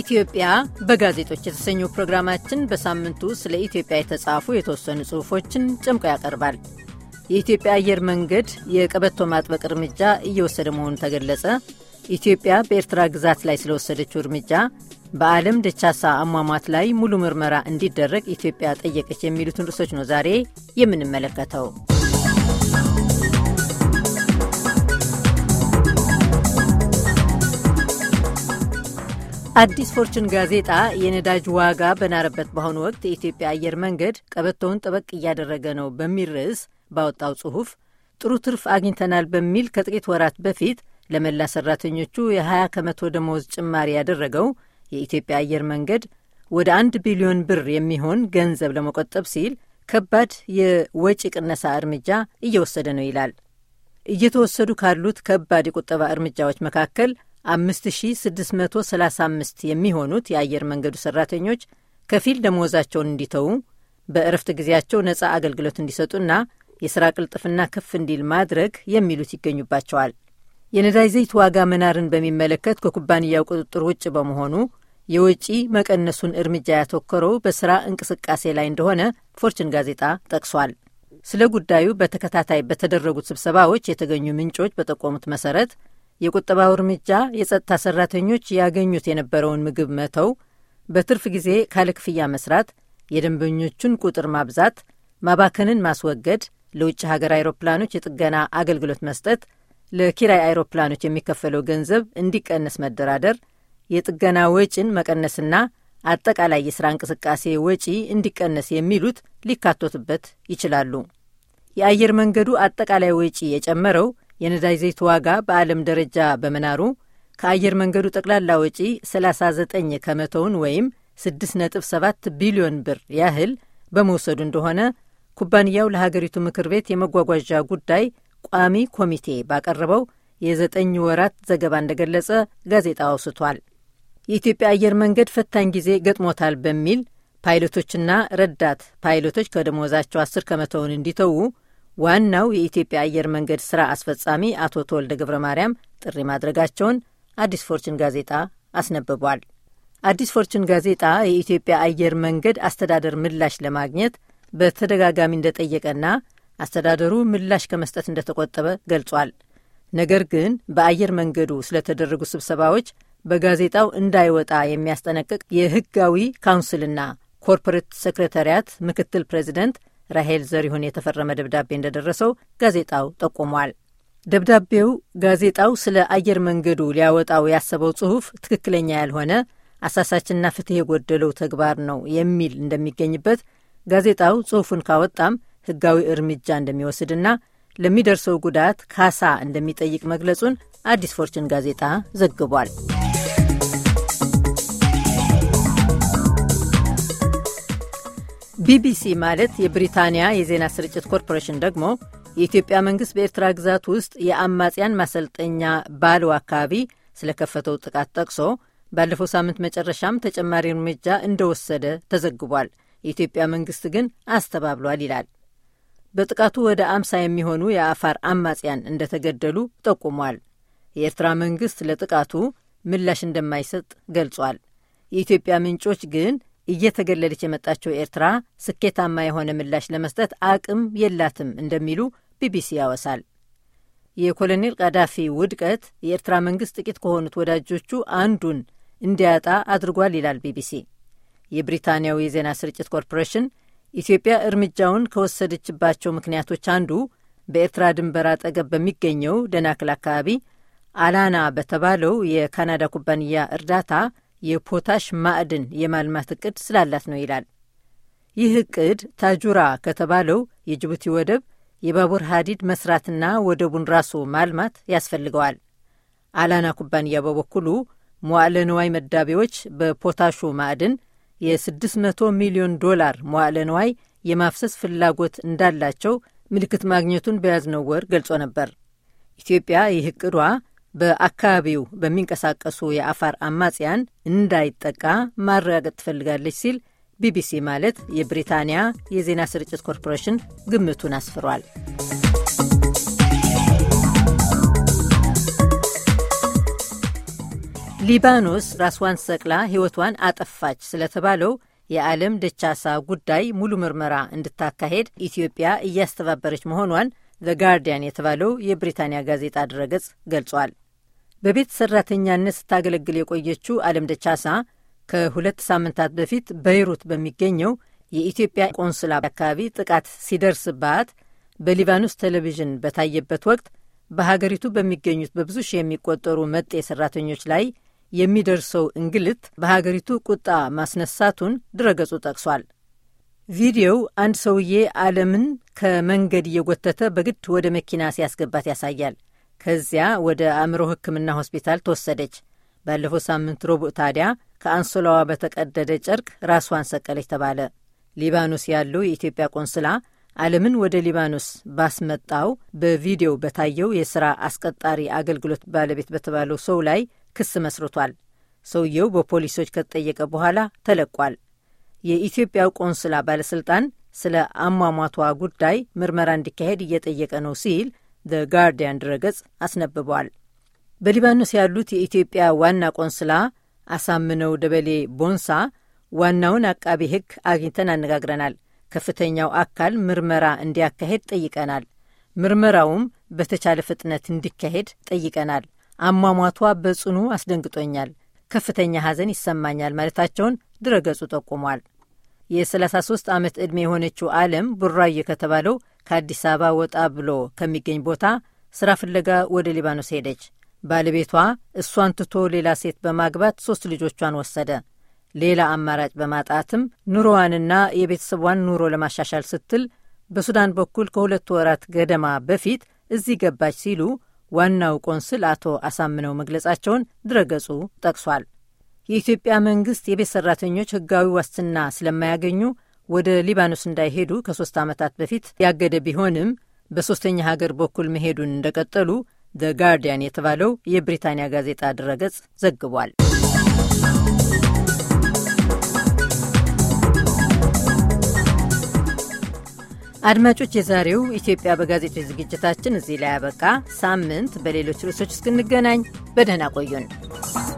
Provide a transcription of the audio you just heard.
ኢትዮጵያ በጋዜጦች የተሰኘው ፕሮግራማችን በሳምንቱ ስለ ኢትዮጵያ የተጻፉ የተወሰኑ ጽሑፎችን ጨምቆ ያቀርባል። የኢትዮጵያ አየር መንገድ የቀበቶ ማጥበቅ እርምጃ እየወሰደ መሆኑ ተገለጸ፣ ኢትዮጵያ በኤርትራ ግዛት ላይ ስለወሰደችው እርምጃ፣ በዓለም ደቻሳ አሟሟት ላይ ሙሉ ምርመራ እንዲደረግ ኢትዮጵያ ጠየቀች የሚሉትን ርዕሶች ነው ዛሬ የምንመለከተው። አዲስ ፎርቹን ጋዜጣ የነዳጅ ዋጋ በናረበት በአሁኑ ወቅት የኢትዮጵያ አየር መንገድ ቀበቶውን ጠበቅ እያደረገ ነው በሚል ርዕስ ባወጣው ጽሑፍ ጥሩ ትርፍ አግኝተናል በሚል ከጥቂት ወራት በፊት ለመላ ሰራተኞቹ የ20 ከመቶ ደመወዝ ጭማሪ ያደረገው የኢትዮጵያ አየር መንገድ ወደ አንድ ቢሊዮን ብር የሚሆን ገንዘብ ለመቆጠብ ሲል ከባድ የወጪ ቅነሳ እርምጃ እየወሰደ ነው ይላል። እየተወሰዱ ካሉት ከባድ የቁጠባ እርምጃዎች መካከል 5635 የሚሆኑት የአየር መንገዱ ሰራተኞች ከፊል ደመወዛቸውን እንዲተዉ በእረፍት ጊዜያቸው ነጻ አገልግሎት እንዲሰጡና የሥራ ቅልጥፍና ከፍ እንዲል ማድረግ የሚሉት ይገኙባቸዋል። የነዳጅ ዘይት ዋጋ መናርን በሚመለከት ከኩባንያው ቁጥጥር ውጭ በመሆኑ የወጪ መቀነሱን እርምጃ ያተኮረው በሥራ እንቅስቃሴ ላይ እንደሆነ ፎርችን ጋዜጣ ጠቅሷል። ስለ ጉዳዩ በተከታታይ በተደረጉት ስብሰባዎች የተገኙ ምንጮች በጠቆሙት መሰረት የቁጠባው እርምጃ የጸጥታ ሰራተኞች ያገኙት የነበረውን ምግብ መተው፣ በትርፍ ጊዜ ክፍያ መስራት፣ የደንበኞቹን ቁጥር ማብዛት፣ ማባከንን ማስወገድ፣ ለውጭ ሀገር አይሮፕላኖች የጥገና አገልግሎት መስጠት፣ ለኪራይ አይሮፕላኖች የሚከፈለው ገንዘብ እንዲቀነስ መደራደር፣ የጥገና ወጪን መቀነስና አጠቃላይ የሥራ እንቅስቃሴ ወጪ እንዲቀነስ የሚሉት ሊካቶትበት ይችላሉ። የአየር መንገዱ አጠቃላይ ወጪ የጨመረው የነዳጅ ዘይት ዋጋ በዓለም ደረጃ በመናሩ ከአየር መንገዱ ጠቅላላ ወጪ 39 ከመቶውን ወይም 6.7 ቢሊዮን ብር ያህል በመውሰዱ እንደሆነ ኩባንያው ለሀገሪቱ ምክር ቤት የመጓጓዣ ጉዳይ ቋሚ ኮሚቴ ባቀረበው የዘጠኝ ወራት ዘገባ እንደገለጸ ጋዜጣ አውስቷል። የኢትዮጵያ አየር መንገድ ፈታኝ ጊዜ ገጥሞታል በሚል ፓይለቶችና ረዳት ፓይለቶች ከደሞዛቸው 10 ከመቶውን እንዲተዉ ዋናው የኢትዮጵያ አየር መንገድ ስራ አስፈጻሚ አቶ ተወልደ ገብረ ማርያም ጥሪ ማድረጋቸውን አዲስ ፎርችን ጋዜጣ አስነብቧል። አዲስ ፎርችን ጋዜጣ የኢትዮጵያ አየር መንገድ አስተዳደር ምላሽ ለማግኘት በተደጋጋሚ እንደጠየቀና አስተዳደሩ ምላሽ ከመስጠት እንደተቆጠበ ገልጿል። ነገር ግን በአየር መንገዱ ስለተደረጉ ስብሰባዎች በጋዜጣው እንዳይወጣ የሚያስጠነቅቅ የህጋዊ ካውንስልና ኮርፖሬት ሴክሬታሪያት ምክትል ፕሬዚደንት ራሄል ዘሪሁን የተፈረመ ደብዳቤ እንደደረሰው ጋዜጣው ጠቁሟል። ደብዳቤው ጋዜጣው ስለ አየር መንገዱ ሊያወጣው ያሰበው ጽሑፍ ትክክለኛ ያልሆነ አሳሳችና ፍትሕ የጎደለው ተግባር ነው የሚል እንደሚገኝበት ጋዜጣው ጽሑፉን ካወጣም ሕጋዊ እርምጃ እንደሚወስድና ለሚደርሰው ጉዳት ካሳ እንደሚጠይቅ መግለጹን አዲስ ፎርችን ጋዜጣ ዘግቧል። ቢቢሲ ማለት የብሪታንያ የዜና ስርጭት ኮርፖሬሽን ደግሞ የኢትዮጵያ መንግሥት በኤርትራ ግዛት ውስጥ የአማጽያን ማሰልጠኛ ባለው አካባቢ ስለከፈተው ጥቃት ጠቅሶ ባለፈው ሳምንት መጨረሻም ተጨማሪ እርምጃ እንደወሰደ ተዘግቧል። የኢትዮጵያ መንግሥት ግን አስተባብሏል ይላል። በጥቃቱ ወደ አምሳ የሚሆኑ የአፋር አማጽያን እንደተገደሉ ጠቁሟል። የኤርትራ መንግሥት ለጥቃቱ ምላሽ እንደማይሰጥ ገልጿል። የኢትዮጵያ ምንጮች ግን እየተገለለች የመጣችው ኤርትራ ስኬታማ የሆነ ምላሽ ለመስጠት አቅም የላትም እንደሚሉ ቢቢሲ ያወሳል። የኮሎኔል ቀዳፊ ውድቀት የኤርትራ መንግስት ጥቂት ከሆኑት ወዳጆቹ አንዱን እንዲያጣ አድርጓል ይላል ቢቢሲ። የብሪታንያው የዜና ስርጭት ኮርፖሬሽን ኢትዮጵያ እርምጃውን ከወሰደችባቸው ምክንያቶች አንዱ በኤርትራ ድንበር አጠገብ በሚገኘው ደናክል አካባቢ አላና በተባለው የካናዳ ኩባንያ እርዳታ የፖታሽ ማዕድን የማልማት እቅድ ስላላት ነው ይላል። ይህ እቅድ ታጁራ ከተባለው የጅቡቲ ወደብ የባቡር ሀዲድ መስራትና ወደቡን ራሱ ማልማት ያስፈልገዋል። አላና ኩባንያ በበኩሉ መዋዕለ ንዋይ መዳቢዎች በፖታሹ ማዕድን የ600 ሚሊዮን ዶላር መዋዕለ ንዋይ የማፍሰስ ፍላጎት እንዳላቸው ምልክት ማግኘቱን በያዝነው ወር ገልጾ ነበር። ኢትዮጵያ ይህ እቅዷ በአካባቢው በሚንቀሳቀሱ የአፋር አማጽያን እንዳይጠቃ ማረጋገጥ ትፈልጋለች ሲል ቢቢሲ ማለት የብሪታንያ የዜና ስርጭት ኮርፖሬሽን ግምቱን አስፍሯል። ሊባኖስ ራስዋን ሰቅላ ሕይወቷን አጠፋች ስለተባለው የዓለም ደቻሳ ጉዳይ ሙሉ ምርመራ እንድታካሄድ ኢትዮጵያ እያስተባበረች መሆኗን ዘ ጋርዲያን የተባለው የብሪታንያ ጋዜጣ ድረገጽ ገልጿል። በቤት ሰራተኛነት ስታገለግል የቆየችው አለም ደቻሳ ከሁለት ሳምንታት በፊት በይሩት በሚገኘው የኢትዮጵያ ቆንስላ አካባቢ ጥቃት ሲደርስባት በሊባኖስ ቴሌቪዥን በታየበት ወቅት በሀገሪቱ በሚገኙት በብዙ ሺህ የሚቆጠሩ መጤ ሰራተኞች ላይ የሚደርሰው እንግልት በሀገሪቱ ቁጣ ማስነሳቱን ድረገጹ ጠቅሷል። ቪዲዮው አንድ ሰውዬ አለምን ከመንገድ እየጎተተ በግድ ወደ መኪና ሲያስገባት ያሳያል። ከዚያ ወደ አእምሮ ሕክምና ሆስፒታል ተወሰደች። ባለፈው ሳምንት ረቡዕ ታዲያ ከአንሶላዋ በተቀደደ ጨርቅ ራሷን ሰቀለች ተባለ። ሊባኖስ ያለው የኢትዮጵያ ቆንስላ ዓለምን ወደ ሊባኖስ ባስመጣው በቪዲዮ በታየው የሥራ አስቀጣሪ አገልግሎት ባለቤት በተባለው ሰው ላይ ክስ መስርቷል። ሰውየው በፖሊሶች ከተጠየቀ በኋላ ተለቋል። የኢትዮጵያው ቆንስላ ባለሥልጣን ስለ አሟሟቷ ጉዳይ ምርመራ እንዲካሄድ እየጠየቀ ነው ሲል ጋርዲያን ድረገጽ አስነብቧል። በሊባኖስ ያሉት የኢትዮጵያ ዋና ቆንስላ አሳምነው ደበሌ ቦንሳ ዋናውን አቃቢ ሕግ አግኝተን አነጋግረናል። ከፍተኛው አካል ምርመራ እንዲያካሄድ ጠይቀናል። ምርመራውም በተቻለ ፍጥነት እንዲካሄድ ጠይቀናል። አሟሟቷ በጽኑ አስደንግጦኛል። ከፍተኛ ሐዘን ይሰማኛል ማለታቸውን ድረገጹ ጠቁሟል። የ33 ዓመት ዕድሜ የሆነችው ዓለም ቡራዬ ከተባለው ከአዲስ አበባ ወጣ ብሎ ከሚገኝ ቦታ ስራ ፍለጋ ወደ ሊባኖስ ሄደች። ባለቤቷ እሷን ትቶ ሌላ ሴት በማግባት ሶስት ልጆቿን ወሰደ። ሌላ አማራጭ በማጣትም ኑሮዋንና የቤተሰቧን ኑሮ ለማሻሻል ስትል በሱዳን በኩል ከሁለት ወራት ገደማ በፊት እዚህ ገባች ሲሉ ዋናው ቆንስል አቶ አሳምነው መግለጻቸውን ድረገጹ ጠቅሷል። የኢትዮጵያ መንግሥት የቤት ሠራተኞች ሕጋዊ ዋስትና ስለማያገኙ ወደ ሊባኖስ እንዳይሄዱ ከሶስት ዓመታት በፊት ያገደ ቢሆንም በሶስተኛ ሀገር በኩል መሄዱን እንደቀጠሉ ዘ ጋርዲያን የተባለው የብሪታንያ ጋዜጣ ድረገጽ ዘግቧል። አድማጮች፣ የዛሬው ኢትዮጵያ በጋዜጦች ዝግጅታችን እዚህ ላይ ያበቃ። ሳምንት በሌሎች ርዕሶች እስክንገናኝ በደህና ቆዩን።